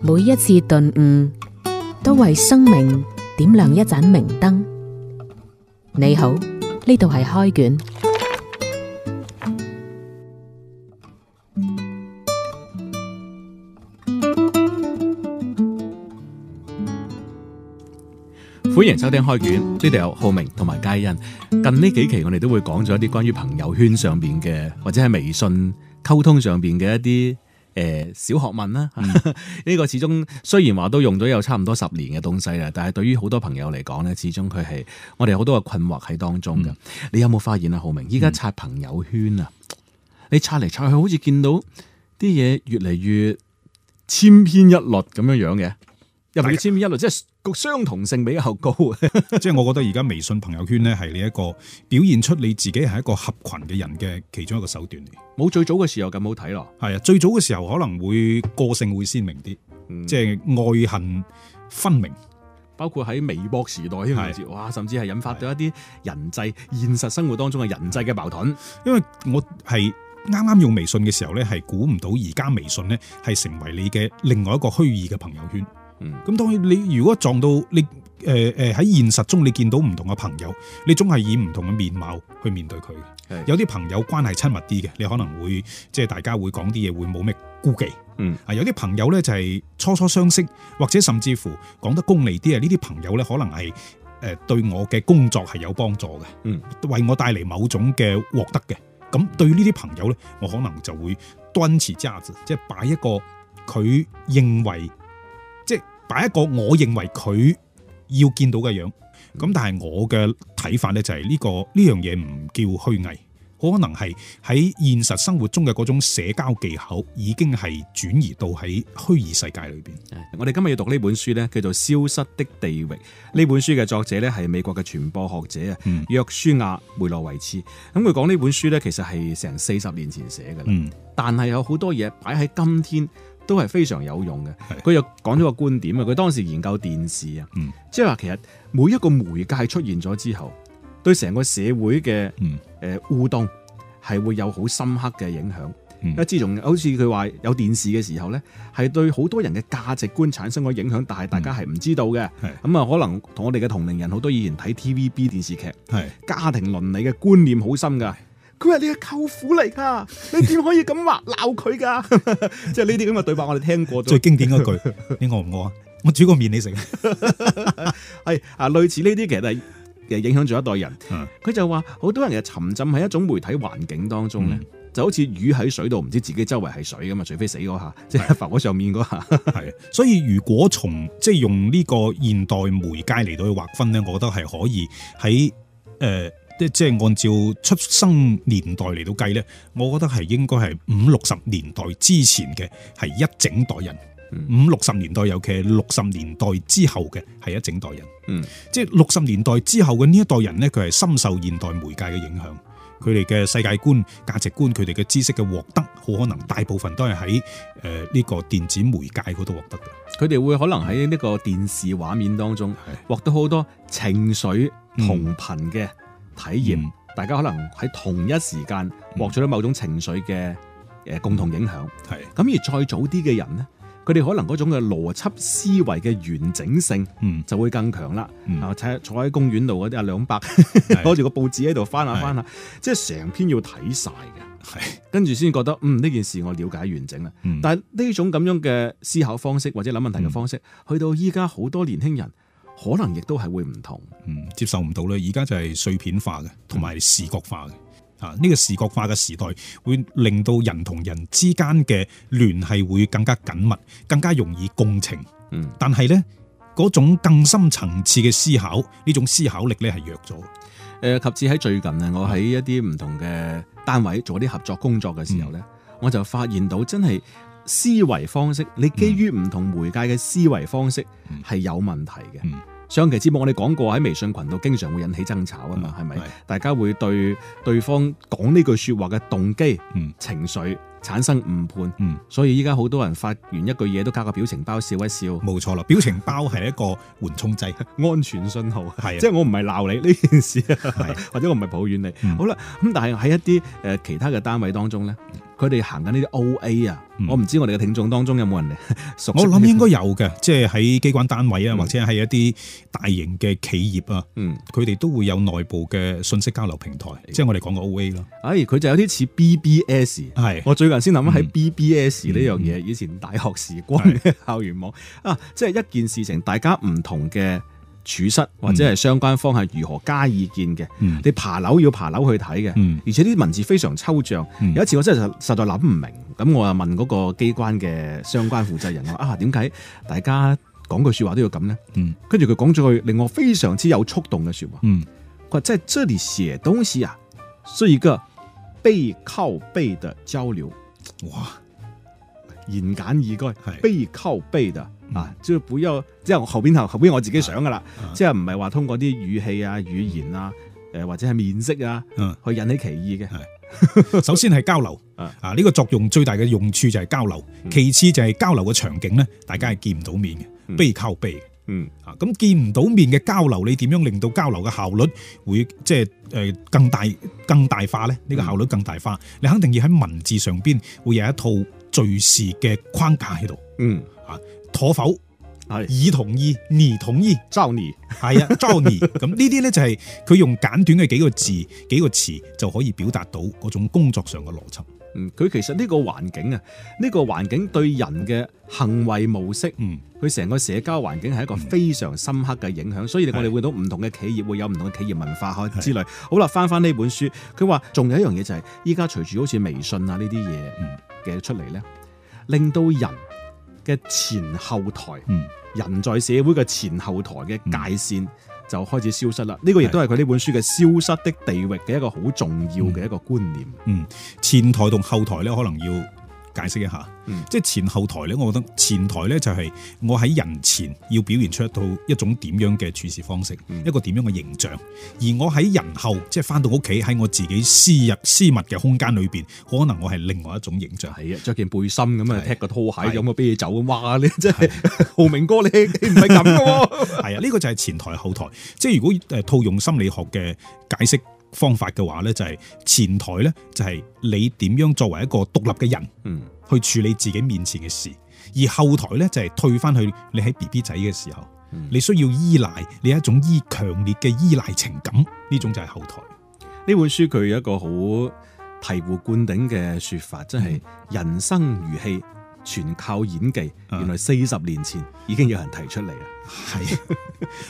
每一次頓悟，都為生命點亮一盞明燈。你好，呢度係開卷，歡迎收聽開卷。呢度有浩明同埋佳欣。近呢幾期我哋都會講咗一啲關於朋友圈上邊嘅，或者係微信溝通上邊嘅一啲。誒、欸、小學問啦，呢、嗯、 個始終雖然話都用咗有差唔多十年嘅東西啦，但係對於好多朋友嚟講咧，始終佢係我哋好多個困惑喺當中嘅。嗯、你有冇發現啊，浩明？依家刷朋友圈啊、嗯、你刷嚟刷去，好似見到啲嘢越嚟越千篇一律咁樣樣嘅。入嚟，千篇一律，即係個相同性比較高。 即係我覺得而家微信朋友圈呢，係你一個表現出你自己係一個合群嘅人嘅其中一個手段嚟。冇最早嘅時候咁好睇咯。係啊，最早嘅時候可能會個性會鮮明啲，嗯，即係愛恨分明。包括喺微博時代先，甚至哇，甚至係引發咗一啲人際現實生活當中嘅人際嘅矛盾。因為我係啱啱用微信嘅時候呢，係估唔到而家微信呢，係成為你嘅另外一個虛擬嘅朋友圈。咁、嗯、當然你如果撞到你誒誒喺現實中，你見到唔同嘅朋友，你總係以唔同嘅面貌去面對佢。有啲朋友關係親密啲嘅，你可能會即係大家會講啲嘢，會冇咩顧忌。嗯啊，有啲朋友呢，就係初初相識，或者甚至乎講得功利啲啊，呢啲朋友呢，可能係誒對我嘅工作係有幫助嘅。嗯，為我帶嚟某種嘅獲得嘅。咁對呢啲朋友呢，我可能就會端 o n e 即係擺一個佢認為。擺一個我認為佢要見到嘅樣，咁但係我嘅睇法呢、這個，就係呢個呢樣嘢唔叫虛偽，可能係喺現實生活中嘅嗰種社交技巧已經係轉移到喺虛擬世界裏邊。我哋今日要讀呢本書呢，叫做《消失的地域》，呢本書嘅作者呢，係美國嘅傳播學者啊、嗯、約書亞梅洛維茨。咁佢講呢本書呢，其實係成四十年前寫嘅啦，但係有好多嘢擺喺今天，都係非常有用嘅。佢又講咗個觀點啊，佢當時研究電視啊，即係話其實每一個媒介出現咗之後，對成個社會嘅誒互動係會有好深刻嘅影響。因為、嗯、自從好似佢話有電視嘅時候咧，係對好多人嘅價值觀產生咗影響，但係大家係唔知道嘅。咁、嗯、啊，可能我們的同我哋嘅同齡人好多以前睇 TVB 電視劇，家庭倫理嘅觀念好深噶。佢係你嘅舅父嚟噶，你點可以咁 話鬧佢噶？即係呢啲咁嘅對白，我哋聽過最經典嗰句。 你餓唔餓啊？我煮個麵你食。係 啊，類似呢啲其實係嘅影響咗一代人。佢、嗯、就話好多人嘅沉浸喺一種媒體環境當中咧，嗯、就好似魚喺水度，唔知自己周圍係水噶嘛，除非死嗰下，即係浮喺上面嗰下。係， 所以如果從即係用呢個現代媒介嚟到去劃分咧，我覺得係可以喺誒。呃即即係按照出生年代嚟到計呢，我覺得係應該係五六十年代之前嘅係一整代人，嗯、五六十年代尤其係六十年代之後嘅係一整代人。嗯，即係六十年代之後嘅呢一代人呢，佢係深受現代媒介嘅影響，佢哋嘅世界觀、價值觀，佢哋嘅知識嘅獲得，好可能大部分都係喺誒呢個電子媒介嗰度獲得嘅。佢哋會可能喺呢個電視畫面當中，獲得好多情緒同頻嘅、嗯，嗯體驗、嗯，大家可能喺同一時間獲取咗某種情緒嘅誒共同影響。係咁而再早啲嘅人咧，佢哋可能嗰種嘅邏輯思維嘅完整性就會更強啦。啊、嗯，坐喺公園度嗰啲啊兩伯攞住個報紙喺度翻下翻下，即係成篇要睇晒嘅。係跟住先覺得嗯呢件事我了解完整啦。但係呢種咁樣嘅思考方式或者諗問題嘅方式，嗯、去到依家好多年輕人。可能亦都係會唔同，嗯，接受唔到咧。而家就係碎片化嘅，同埋視覺化嘅。啊、嗯嗯、呢、呢個視覺化嘅時代會令到人同人之間嘅聯繫會更加緊密，更加容易共情。嗯，但係呢，嗰種更深層次嘅思考，呢種思考力呢係弱咗。誒，及至喺最近呢，我喺一啲唔同嘅單位做啲合作工作嘅時候呢、嗯，我就發現到真係。思維方式，你基於唔同媒介嘅思維方式係、嗯、有問題嘅。上期節目我哋講過喺微信群度經常會引起爭吵啊嘛，係咪？嗯、大家會對對方講呢句說話嘅動機、嗯、情緒產生誤判、嗯，所以依家好多人發完一句嘢都加個表情包笑一笑。冇錯啦，表情包係一個緩衝劑、 安全信號，係即係我唔係鬧你呢件事是或者我唔係抱怨你。嗯、好啦，咁但係喺一啲誒其他嘅單位當中呢。佢哋行緊呢啲 OA 啊，嗯、我唔知道我哋嘅聽眾當中有冇人嚟熟？我諗應該有嘅，即係喺機關單位啊，嗯、或者係一啲大型嘅企業啊，佢、嗯、哋都會有內部嘅信息交流平台，嗯、即係我哋講嘅 OA 啦。哎，佢就有啲似 BBS，係我最近先諗喺 BBS 呢樣嘢，以前大學時光校園網是啊，即、就、係、是、一件事情大家唔同嘅。處室或者係相關方係如何加意見嘅，嗯？你爬樓要爬樓去睇嘅、嗯，而且呢啲文字非常抽象。嗯、有一次我真係實在諗唔明，咁我啊問嗰個機關嘅相關負責人話： 啊點解大家講句説話都要咁呢？嗯」跟住佢講咗句令我非常之有觸動嘅説話，佢話、嗯、在此裏寫東西啊，是一個背靠背的交流。哇！言簡意賅，係背靠背的。嗱、嗯，即係本後面，即係後邊頭後邊我自己想噶啦，即係唔係話通過啲語氣啊、語言啊，誒、呃、或者係面色啊，嗯、去引起歧義嘅。首先係交流、嗯、啊，呢、這個作用最大嘅用處就係交流，其次就係交流嘅場景咧，大家係見唔到面嘅，背靠背。嗯，悲悲嗯啊，咁見唔到面嘅交流，你點樣令到交流嘅效率會即係誒更大更大化咧？呢、這個效率更大化，嗯、你肯定要喺文字上邊會有一套敘事嘅框架喺度。嗯啊。妥否？係已同意，而同意，照你係啊，照你咁呢啲咧就係佢用簡短嘅幾個字、幾個詞就可以表達到嗰種工作上嘅邏輯。嗯，佢其實呢個環境啊，呢個環境對人嘅行為模式，嗯，佢成個社交環境係一個非常深刻嘅影響、嗯。所以我哋見到唔同嘅企業會有唔同嘅企業文化，嗬之類。好啦，翻翻呢本書，佢話仲有一樣嘢就係依家隨住好似微信啊呢啲嘢嘅出嚟咧，令到人。嘅前後台、嗯，人在社會嘅前後台嘅界線、嗯、就開始消失啦。呢、呢個亦都係佢呢本書嘅消失的地域嘅一個好重要嘅一個觀念。嗯，前台同後台呢，可能要。解釋一下，即係前後台咧，我覺得前台咧就係我喺人前要表現出一套一種點樣嘅處事方式，一個點樣嘅形象。而我喺人後，即係翻到屋企喺我自己私入私密嘅空間裏邊，可能我係另外一種形象。係啊，着件背心咁啊，踢個拖鞋咁啊，俾你走啊，哇！你真係浩明哥，你你唔係咁嘅。係 啊，呢、呢個就係前台後台。即係如果誒套用心理學嘅解釋。方法嘅話呢就係前台呢就係你點樣作為一個獨立嘅人，嗯，去處理自己面前嘅事；而後台呢就係退翻去你喺 B B 仔嘅時候，你需要依賴你一種依強烈嘅依賴情感，呢種就係後台。呢本書佢有一個好醍醐灌頂嘅說法，真係人生如戲全靠演技，原來四十年前已經有人提出嚟啦。係、啊，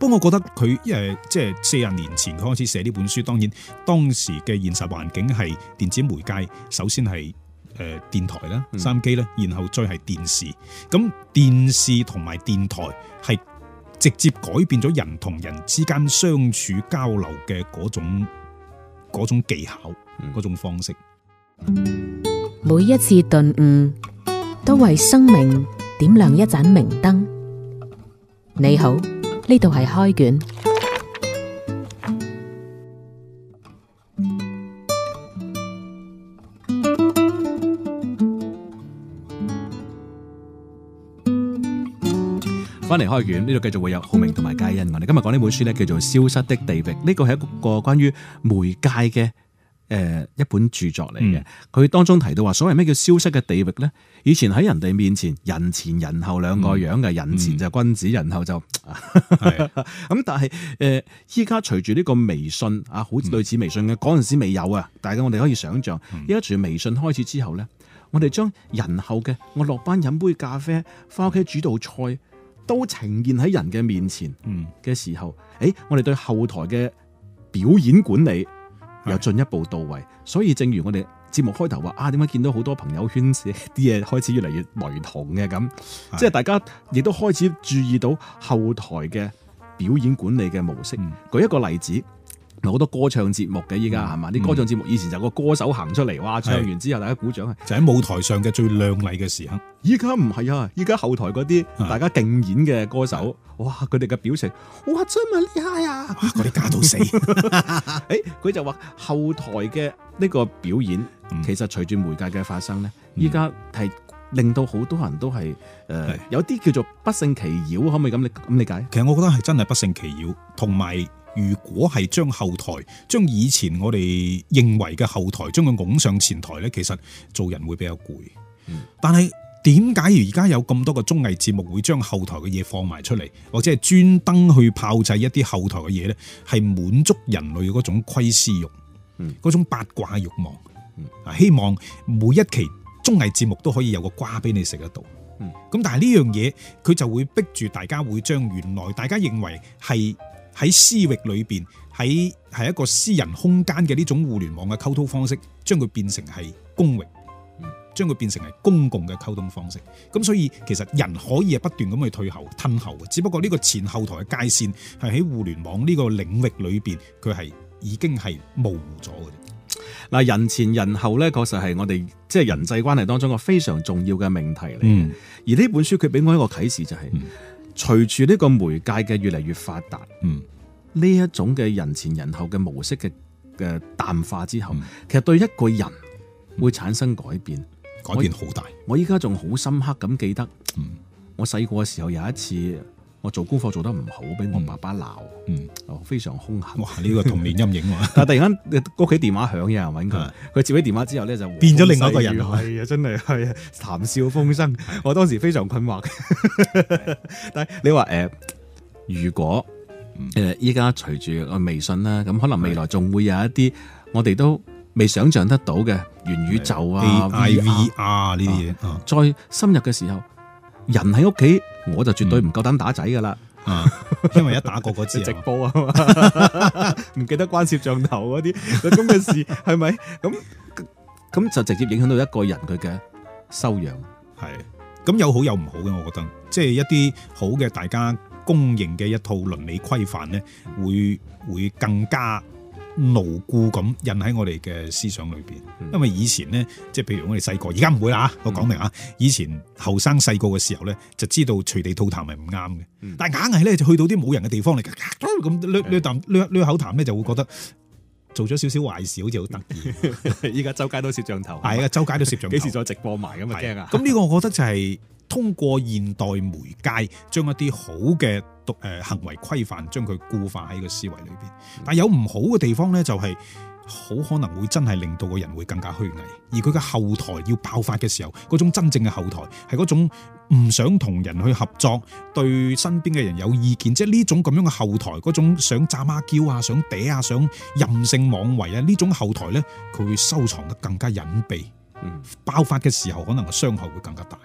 不過、啊、 我覺得佢誒即係四十年前佢開始寫呢本書，當然當時嘅現實環境係電子媒介，首先係誒電台啦、收音機啦，然後再係電視。咁電視同埋電台係直接改變咗人同人之間相處交流嘅嗰種嗰種技巧嗰、嗯、種方式。每一次頓悟。都為生命點亮一盞明燈。你好，呢度係開卷。翻嚟開卷，呢度繼續會有浩明同埋佳欣。我哋今日講呢本書咧，叫做《消失的地域》，呢個係一個關於媒介嘅。誒、呃，一本著作嚟嘅，佢、嗯、當中提到話，所謂咩叫消失嘅地域呢？以前喺人哋面前，人前人後兩個樣嘅、嗯，人前就君子、嗯，人後就咁。 但係誒，依家隨住呢個微信啊，好似類似微信嘅，嗰、嗯、陣時未有啊，但係我哋可以想象，依家隨住微信開始之後呢、嗯，我哋將人後嘅我落班飲杯咖啡，翻屋企煮道菜、嗯，都呈現喺人嘅面前嘅時候，誒、嗯欸，我哋對後台嘅表演管理，又進一步到位，所以正如我哋節目開頭話啊，點解見到好多朋友圈子啲嘢開始越嚟越雷同嘅咁，的即係大家亦都開始注意到後台嘅表演管理嘅模式。舉一個例子。好多歌唱節目嘅依家係嘛，啲歌唱節目以前就個歌手行出嚟，嗯，哇唱完之後大家鼓掌就喺、是、舞台上嘅最靚麗嘅時刻。依家唔係啊，依家後台嗰啲大家競演嘅歌手，的哇佢哋嘅表情，哇真係厲害啊！嗰啲假到死。誒 佢 就話後台嘅呢個表演，其實隨住媒介嘅發生咧，依家係令到好多人都係誒、呃、有啲叫做不勝其擾，可唔可以咁你咁理解？其實我覺得係真係不勝其擾，同埋。如果係將後台將以前我哋認為嘅後台將佢拱上前台呢，其實做人會比較攰。嗯，但係點解而家有咁多個綜藝節目會將後台嘅嘢放埋出嚟，或者係專登去炮製一啲後台嘅嘢呢？係滿足人類嗰種窺私欲，嗯，嗰種八卦慾望，啊，希望每一期綜藝節目都可以有個瓜俾你食得到，嗯，咁但係呢樣嘢佢就會逼住大家會將原來大家認為係。喺私域裏邊，喺係一個私人空間嘅呢種互聯網嘅溝通方式，將佢變成係公域，將、嗯、佢變成係公共嘅溝通方式。咁所以其實人可以係不斷咁去退後、吞後嘅，只不過呢個前後台嘅界線係喺互聯網呢個領域裏邊，佢係已經係模糊咗嘅嗱，人前人後咧，確實係我哋即係人際關係當中個非常重要嘅命題嚟、嗯、而呢本書佢俾我一個啟示就係、是。嗯隨住呢個媒介嘅越嚟越發達，嗯，呢一種嘅人前人後嘅模式嘅嘅淡化之後，嗯，其實對一個人會產生改變，嗯，改變好大。我依家仲好深刻咁記得，嗯，我細個嘅時候有一次。我做功課做得唔好，俾我爸爸鬧，嗯，我、哦、非常凶狠。哇，呢、這個童年陰影啊！ 突然間，屋企電話響呀，有人搵佢，佢 接起電話之後咧就變咗另外一個人，係、哎、啊，真係係啊，談、哎、笑風生。我當時非常困惑。是 但係你話誒、呃，如果誒依家隨住個微信啦，咁可能未來仲會有一啲我哋都未想象得到嘅元宇宙啊，V R 呢啲嘢再深入嘅時候。人喺屋企，我就絕對唔夠膽打仔噶啦，因為一打過嗰次 直播啊嘛，唔 記得關攝像頭嗰啲咁嘅事，係咪？咁咁就直接影響到一個人佢嘅修養，係咁有好有唔好嘅，我覺得，即係一啲好嘅，大家公認嘅一套倫理規範咧，會會更加。牢固咁印喺我哋嘅思想裏邊，因為以前呢，即係譬如我哋細個，而家唔會啦吓，我講明吓。以前後生細個嘅時候呢，就知道隨地吐痰係唔啱嘅，但硬係咧就去到啲冇人嘅地方嚟咁，掠掠啖、掠口痰呢，就會覺得做咗少少壞事，好似好得意。依家周街都攝像頭，係啊，周街都攝像頭，幾 時再直播埋咁啊？啊！咁呢個我覺得就係、是、通過現代媒介，將一啲好嘅。誒，行為規範將佢固化喺個思維裏邊，但有唔好嘅地方呢，就係好可能會真係令到個人會更加虛偽，而佢嘅後台要爆發嘅時候，嗰種真正嘅後台係嗰種唔想同人去合作，對身邊嘅人有意見，即係呢種咁樣嘅後台，嗰種想詐啊嬌啊，想嗲啊，想任性妄為啊，呢種後台呢，佢會收藏得更加隱蔽，爆發嘅時候可能個傷害會更加大。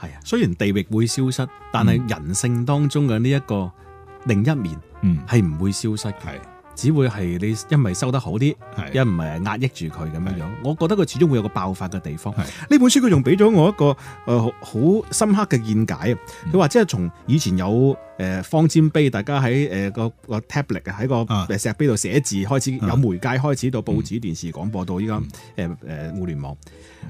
係啊，雖然地域會消失，但係人性當中嘅呢一個另一面係，嗯，係唔會消失嘅。係只會係你，因為收得好啲，而唔係壓抑住佢咁樣樣。我覺得佢始終會有個爆發嘅地方。呢本書佢仲俾咗我一個誒好、呃、深刻嘅見解。佢話即係從以前有誒、呃、方尖碑，大家喺誒、呃、個個 tablet 喺個石碑度寫字、啊、開始，有媒介開始到報紙、嗯、電視、廣播到依家誒誒互聯網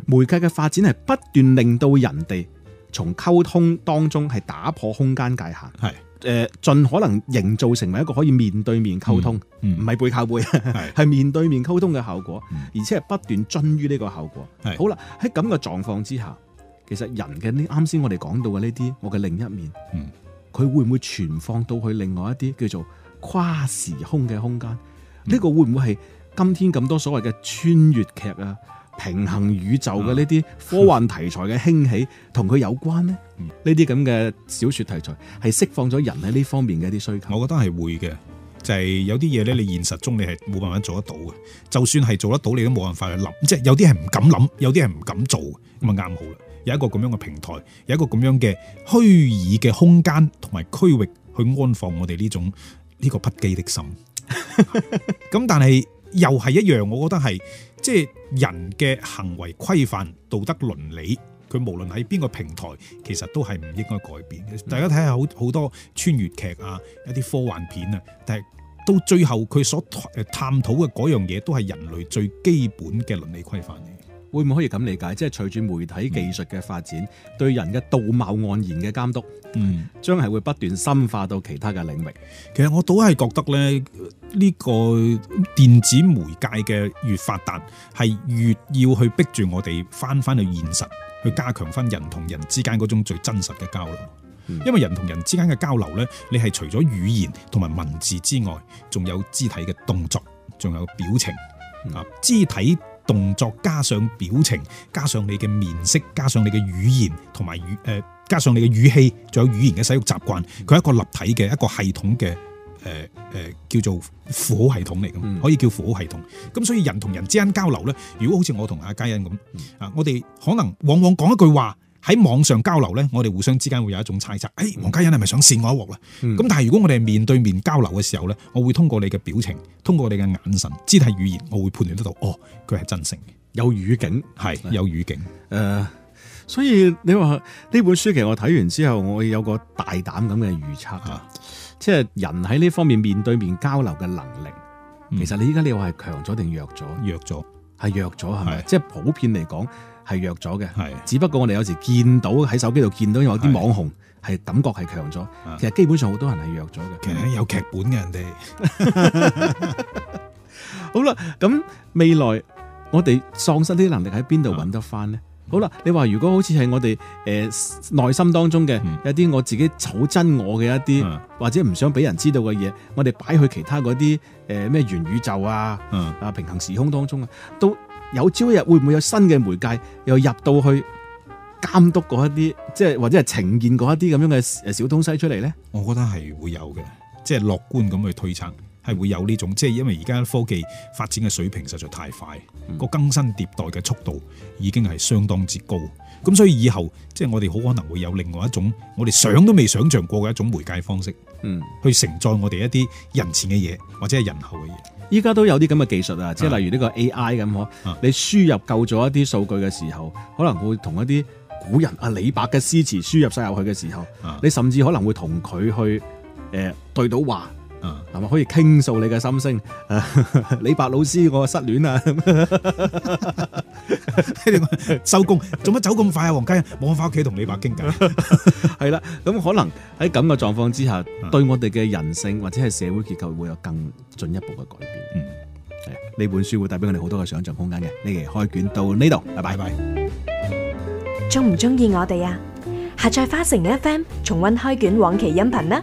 媒介嘅發展係不斷令到人哋。從溝通當中係打破空間界限，係誒盡可能營造成為一個可以面對面溝通，唔、嗯、係、嗯、背靠背，係 面對面溝通嘅效果，嗯、而且係不斷臻於呢個效果。係好啦，喺咁嘅狀況之下，其實人嘅呢啱先我哋講到嘅呢啲，我嘅另一面，佢、嗯、會唔會存放到去另外一啲叫做跨時空嘅空間？呢、嗯、呢個會唔會係今天咁多所謂嘅穿越劇啊？平行宇宙嘅呢啲科幻題材嘅興起，同佢有關呢，呢啲咁嘅小說題材係釋放咗人喺呢方面嘅一啲需求。我覺得係會嘅，就係、是、有啲嘢咧，你現實中你係冇辦法做得到嘅。就算係做得到，你都冇辦法去諗。即、就、係、是、有啲係唔敢諗，有啲係唔敢做。咁啊啱好啦，有一個咁樣嘅平台，有一個咁樣嘅虛擬嘅空間同埋區域去安放我哋呢種呢、這個不羈的心。咁 但係又係一樣，我覺得係。即係人嘅行為規範、道德倫理，佢無論喺邊個平台，其實都係唔應該改變嘅。大家睇下，好好多穿越劇啊，一啲科幻片啊，但係到最後佢所誒探討嘅樣嘢，都係人類最基本嘅倫理規範。會唔會可以咁理解？即係隨住媒體技術嘅發展，嗯、對人嘅道貌岸然嘅監督，嗯，將係會不斷深化到其他嘅領域。其實我都係覺得咧，呢、這個電子媒介嘅越發達，係越要去逼住我哋翻翻去現實，去加強翻人同人之間嗰種最真實嘅交流。嗯、因為人同人之間嘅交流咧，你係除咗語言同埋文字之外，仲有肢體嘅動作，仲有表情啊，嗯、肢體。動作加上表情，加上你嘅面色，加上你嘅語言，同埋語誒，加上你嘅語氣，仲有語言嘅使用習慣，佢係一個立體嘅一個系統嘅誒誒，叫做符號系統嚟噶，可以叫符號系統。咁、嗯、所以人同人之間交流呢，如果好似我同阿嘉欣咁啊、嗯，我哋可能往往講一句話。喺網上交流咧，我哋互相之間會有一種猜測，誒、哎，王嘉欣係咪想陷我一鑊啦？咁、嗯、但係如果我哋面對面交流嘅時候咧，我會通過你嘅表情，通過你嘅眼神、肢體語言，我會判斷得到，哦，佢係真誠嘅，有語境，係有語境。誒、呃，所以你話呢本書其實我睇完之後，我有個大膽咁嘅預測啊，即係人喺呢方面面對面交流嘅能力、嗯，其實你依家你話係強咗定弱咗？弱咗，係弱咗係咪？即係普遍嚟講。係弱咗嘅，係。只不過我哋有時見到喺手機度見到有啲網紅，係感覺係強咗。其實基本上好多人係弱咗嘅。其實有劇本嘅人哋。 好啦，咁未來我哋喪失啲能力喺邊度揾得翻呢？好啦，你話如果好似係我哋誒內心當中嘅、嗯、一啲我自己醜真我嘅一啲、嗯，或者唔想俾人知道嘅嘢，我哋擺去其他嗰啲誒咩元宇宙啊，啊、嗯、平行時空當中啊，都。有朝一日會唔會有新嘅媒介又入到去監督嗰一啲，即係或者係呈現嗰一啲咁樣嘅誒小東西出嚟咧？我覺得係會有嘅，即係樂觀咁去推測，係會有呢種，即係因為而家科技發展嘅水平實在太快，個、嗯、更新迭代嘅速度已經係相當之高。咁所以以後即係、就是、我哋好可能會有另外一種我哋想都未想象過嘅一種媒介方式，嗯，去承載我哋一啲人前嘅嘢或者係人後嘅嘢。依家都有啲咁嘅技術啊，即係例如呢個 AI 咁你輸入夠咗一啲數據嘅時候的，可能會同一啲古人啊李白嘅詩詞輸入晒入去嘅時候的，你甚至可能會同佢去誒、呃、對到話。啊，係咪可以傾訴你嘅心聲？李白老師，我失戀啦！收工，做乜走咁快啊？黃佳，冇翻屋企同李白傾偈。係啦，咁可能喺咁嘅狀況之下，對我哋嘅人性或者係社會結構會有更進一步嘅改變。嗯，係呢本書會帶俾我哋好多嘅想象空間嘅。呢期開卷到呢度，拜拜。中唔中意我哋啊？下載花城 FM 重溫開卷往期音頻啦！